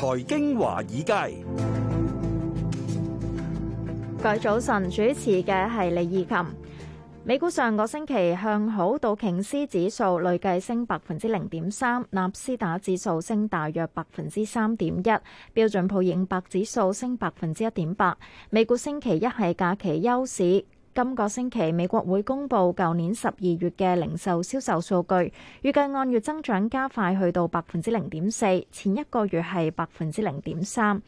財經華爾街，各位早晨，主持嘅係李義琴。美股上個星期向好，道瓊斯指數累計升百分之零點三，納斯達指數升大約百分之三點一，標準普爾五百指數升百分之一點八。美股星期一係假期休市。今個星期，美國會公布舊年十二月嘅零售銷售數據，預計按月增長加快，去到百分之零點四，前一個月係百分之零點三。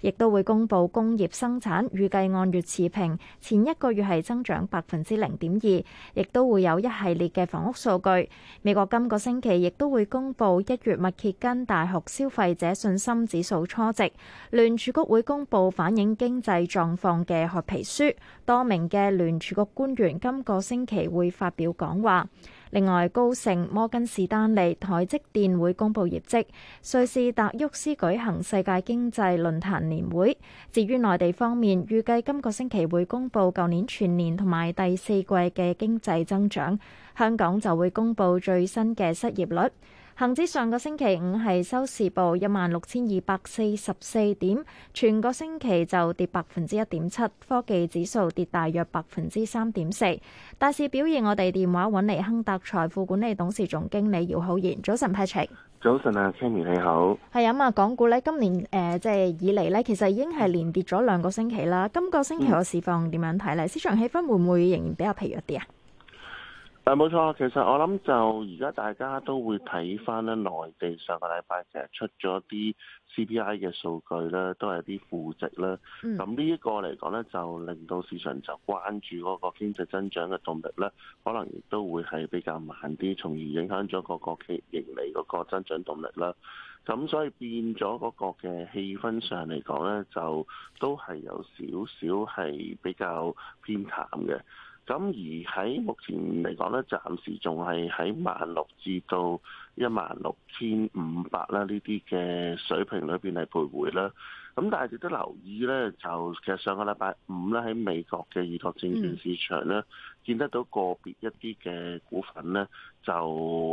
亦都會公布工業生產，預計按月持平，前一個月係增長百分之零點二。亦都會有一系列嘅房屋數據。美國今個星期亦都會公布一月密歇根大學消費者信心指數初值。聯儲局會公布反映經濟狀況嘅褐皮書。多名嘅聯儲局官員今個星期會發表講話。另外，高盛、摩根士丹利、台積電會公布業績，瑞士達沃斯舉行世界經濟論壇年會。至於內地方面，預計今個星期會公布舊年全年同埋第四季嘅經濟增長，香港就會公布最新嘅失業率。恒指上個星期五係收市報一萬六千二百四十四點，全個星期就跌百分之一點七，科技指數跌大約百分之三點四。大市表現，我哋電話揾嚟亨達財富管理董事總經理姚浩然，早晨，Patrick。早晨啊，Cami 你好。係啊嘛，港股呢今年誒、呃、即係以嚟呢，其實已經係連跌咗兩個星期啦。今個星期個市況點樣睇呢？嗯、市場氣氛會唔會仍然比較疲弱啲啊？誒冇錯，其實我諗就而家大家都會睇翻咧，內地上個禮拜其實出咗啲 CPI 嘅數據咧，都係啲負值咧。咁呢一個嚟講咧，就令到市場就關注嗰個經濟增長嘅動力咧，可能亦都會係比較慢啲，從而影響咗嗰個企業盈利嗰個增長動力咧。咁所以變咗嗰個嘅氣氛上嚟講呢，就都係有少少係比較偏淡嘅。咁而喺目前嚟講呢，暫時仲係喺萬六至到一萬六千五百啦呢啲嘅水平裏邊係徘徊啦。咁但係值得留意咧，就其實上個禮拜五咧喺美國嘅預託證券市場咧，見得到個別一啲嘅股份咧，就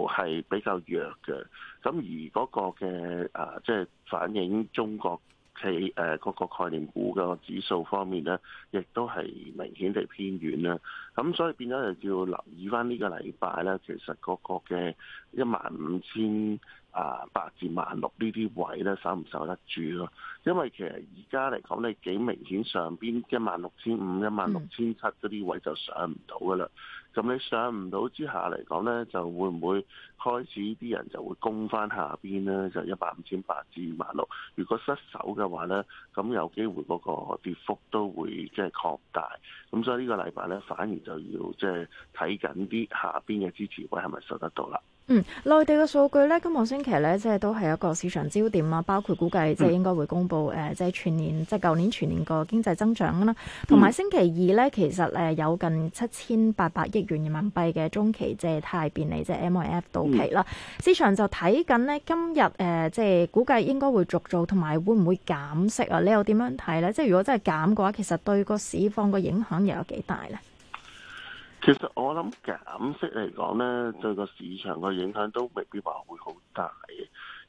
係比較弱嘅。咁而嗰個嘅啊，即係反映中國企誒嗰個概念股嘅指數方面咧，亦都係明顯地偏軟啦。咁所以變咗就叫留意翻呢個禮拜咧，其實嗰個嘅一萬五千啊八至萬六呢啲位咧，受唔受得住咯？因為其實而家嚟講，你幾明顯上邊一萬六千五、一萬六千七嗰啲位就上唔到噶啦。咁你上唔到之下嚟講呢，就會唔會開始啲人就會攻翻下邊呢？就一百五千八至萬六，00，如果失守嘅話呢，咁有機會嗰個跌幅都會即係擴大。咁所以呢個禮拜呢，反而就要即係睇緊啲下邊嘅支持位係咪受得到啦？嗯，內地嘅數據咧，今個星期咧即係都係一個市場焦點啦，包括估計即係應該會公布誒、嗯呃，即係全年即係舊年全年個經濟增長啦，嗯、同埋星期二咧，其實誒有近七千八百億元人民幣嘅中期借貸便利即係 M L F 到期啦，嗯、市場就睇緊呢，今日誒、呃，即係估計應該會續做，同埋會唔會減息啊？你又點樣睇咧？即係如果真係減嘅話，其實對個市況個影響又有幾大咧？其實我諗減息嚟講呢，對個市場個影響都未必話會好大。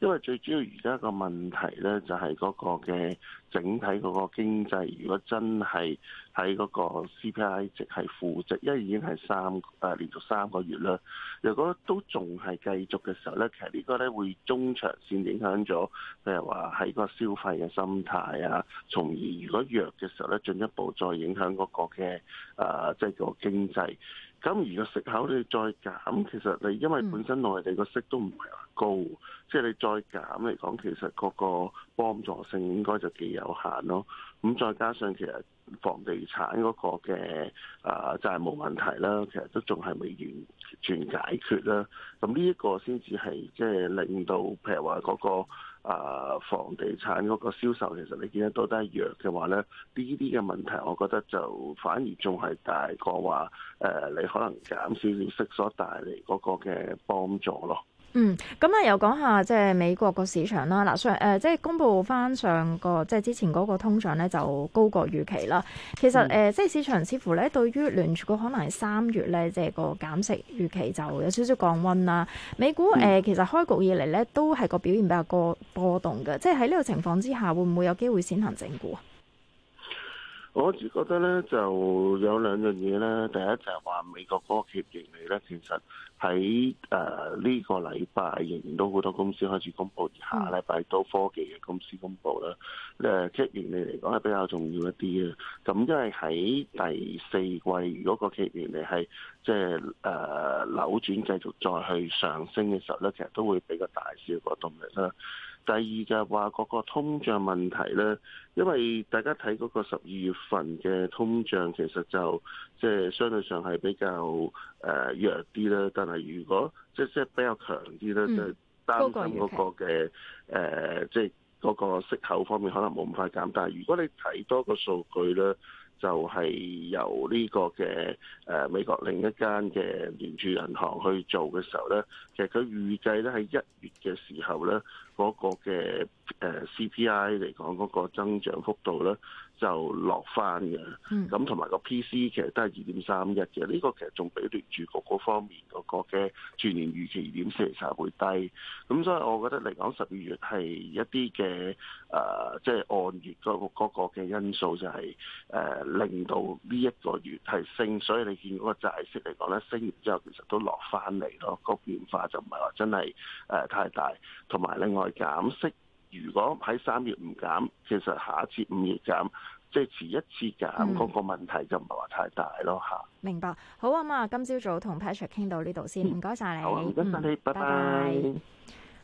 因為最主要而家個問題咧，就係嗰個嘅整體嗰個經濟，如果真係喺嗰個 CPI 值係負值，因為已經係三誒連續三個月啦。如果都仲係繼續嘅時候咧，其實呢個咧會中長線影響咗，譬如話喺個消費嘅心態啊，從而如果弱嘅時候咧，進一步再影響嗰個嘅誒即係個經濟。咁而個息口你再減，其實你因為本身內地個息都唔係話高，嗯、即係你再減嚟講，其實嗰個幫助性應該就幾有限咯。咁再加上其實房地產嗰個嘅誒、啊、債務問題啦，其實都仲係未完全解決啦。咁呢一個先至係即係令到譬如話嗰、那個。啊，房地產嗰個銷售其實你見得多都係弱嘅話咧，呢啲嘅問題，我覺得就反而仲係大過話，誒、呃，你可能減少利息息所帶嚟嗰個嘅幫助咯。嗯，咁啊，又講下即係美國個市場啦。嗱上誒、呃，即係公布翻上，上個即係之前嗰個通脹咧，就高過預期啦。其實誒、嗯呃，即係市場似乎咧，對於聯儲局可能係三月咧，即、就、係、是、個減息預期就有少少降温啦。美股誒、嗯呃，其實開局以嚟咧都係個表現比較過波動嘅。即係喺呢個情況之下，會唔會有機會先行整固啊？我自覺得咧就有兩樣嘢咧，第一就係、是、話美國嗰個協議嚟咧，其實。喺誒呢個禮拜，仍然都好多公司開始公布，而下禮拜都科技嘅公司公布啦。誒，期權嚟講係比較重要一啲啦。咁因為喺第四季，如果個期權嚟係即係誒扭轉繼續再去上升嘅時候咧，其實都會比較大少個動力啦。第二就係話嗰個通脹問題咧，因為大家睇嗰個十二月份嘅通脹，其實就即係、就是、相對上係比較。誒、呃、弱啲啦，但係如果即係即係比較強啲咧，就、嗯、擔心嗰個嘅誒、呃，即係嗰個息口方面可能冇咁快減。但係如果你睇多個數據咧，就係、是、由呢個嘅誒、呃、美國另一間嘅聯儲銀行去做嘅時候咧，其實佢預計咧喺一月嘅時候咧。嗰個嘅誒 CPI 嚟講，嗰個增長幅度咧就落翻嘅。咁同埋個 PC 其實都係二點三一嘅。呢、這個其實仲比聯儲局嗰方面嗰個嘅全年預期二點四釐差會低。咁所以我覺得嚟講，十二月係一啲嘅誒，即、就、係、是、按月嗰個嘅因素就係、是、誒、呃、令到呢一個月係升，所以你見嗰個債息嚟講咧，升完之後其實都落翻嚟咯。嗰個變化就唔係話真係誒太大，同埋另外。再減息，如果喺三月唔減，其實下次五月減，即係遲一次減，嗰、嗯、個問題就唔係話太大咯嚇。明白，好啊嘛，今朝早同 Patrick 傾到呢度先，唔該晒，唔該晒你，好、嗯，冇問題，拜拜。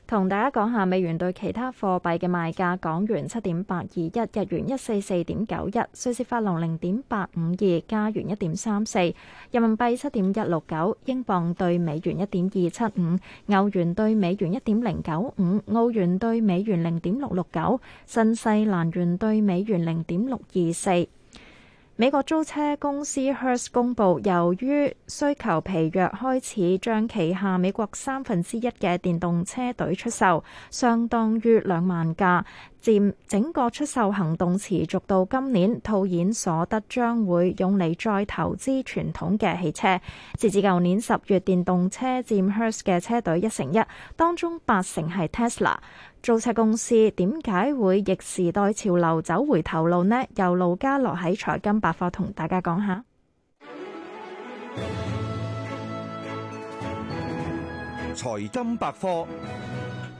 同大家講下美元對其他貨幣嘅賣價：港元七點八二一，日元一四四點九一，瑞士法郎零點八五二，加元一點三四，人民幣七點一六九，英鎊對美元一點二七五，歐元對美元一點零九五，澳元對美元零點六六九，新西蘭元對美元零點六二四。美國租車公司 Hertz 公佈，由於需求疲弱，開始將旗下美國三分之一嘅電動車隊出售，相當於兩萬架。整個出售行動持續到今年，套現所得將會用嚟再投資傳統嘅汽車。截至舊年十月，電動車佔 Hertz 嘅車隊一成一，當中八成係 Tesla。租車公司點解會逆時代潮流走回頭路呢？由盧家樂喺財金百科同大家講下。財金百科。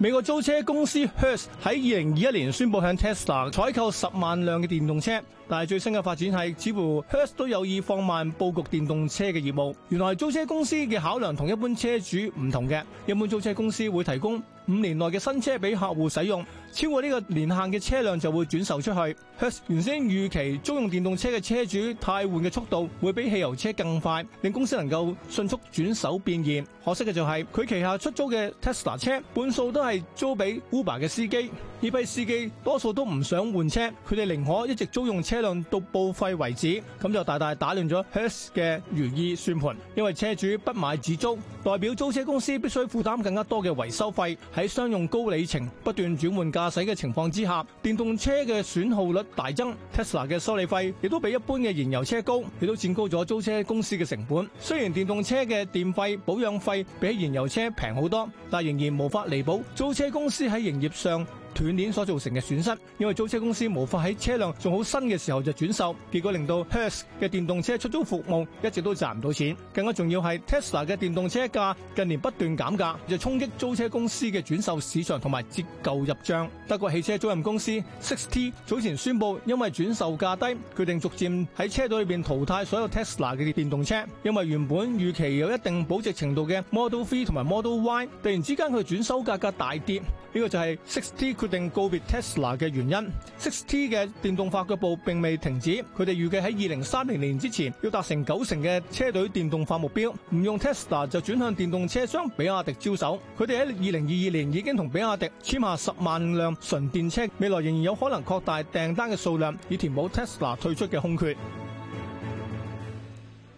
美國租車公司 Hertz 喺二零二一年宣布向 Tesla 採購十萬輛嘅電動車，但係最新嘅發展係，似乎 Hertz 都有意放慢布局電動車嘅業務。原來租車公司嘅考量同一般車主唔同嘅，一般租車公司會提供五年內嘅新車俾客戶使用。超過呢個年限嘅車輛就會轉售出去。Hertz 原先預期租用電動車嘅車主替換嘅速度會比汽油車更快，令公司能夠迅速轉手變現。可惜嘅就係、是、佢旗下出租嘅 Tesla 車，半數都係租俾 Uber 嘅司機，呢批司機多數都唔想換車，佢哋寧可一直租用車輛到報廢為止，咁就大大打亂咗 Hertz 嘅如意算盤。因為車主不買只租，代表租車公司必須負擔更加多嘅維修費，喺商用高里程不斷轉換。駕駛嘅情況之下，電動車嘅損耗率大增，Tesla 嘅修理費亦都比一般嘅燃油車高，亦都佔高咗租車公司嘅成本。雖然電動車嘅電費、保養費比燃油車平好多，但仍然無法彌補。租車公司喺營業上斷鏈所造成嘅損失，因為租車公司無法喺車輛仲好新嘅時候就轉售，結果令到 Hertz 嘅電動車出租服務一直都賺唔到錢。更加重要係 Tesla 嘅電動車價近年不斷減價，就衝擊租車公司嘅轉售市場同埋折舊入賬。德國汽車租賃公司 Sixt 早前宣佈，因為轉售價低，決定逐漸喺車隊裏邊淘汰所有 Tesla 嘅電動車，因為原本預期有一定保值程度嘅 Model 3同埋 Model Y，突然之間佢轉售價格，格大跌，呢、這個就係 Sixt。決定告別 Tesla 嘅原因，Sixt 嘅電動化腳步並未停止。佢哋預計喺二零三零年之前要達成九成嘅車隊電動化目標。唔用 Tesla 就轉向電動車商比亞迪招手。佢哋喺二零二二年已經同比亞迪簽下十萬輛純電車，未來仍然有可能擴大訂單嘅數量，以填補 Tesla 退出嘅空缺。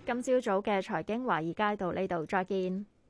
今朝早嘅財經華爾街道，呢度再見。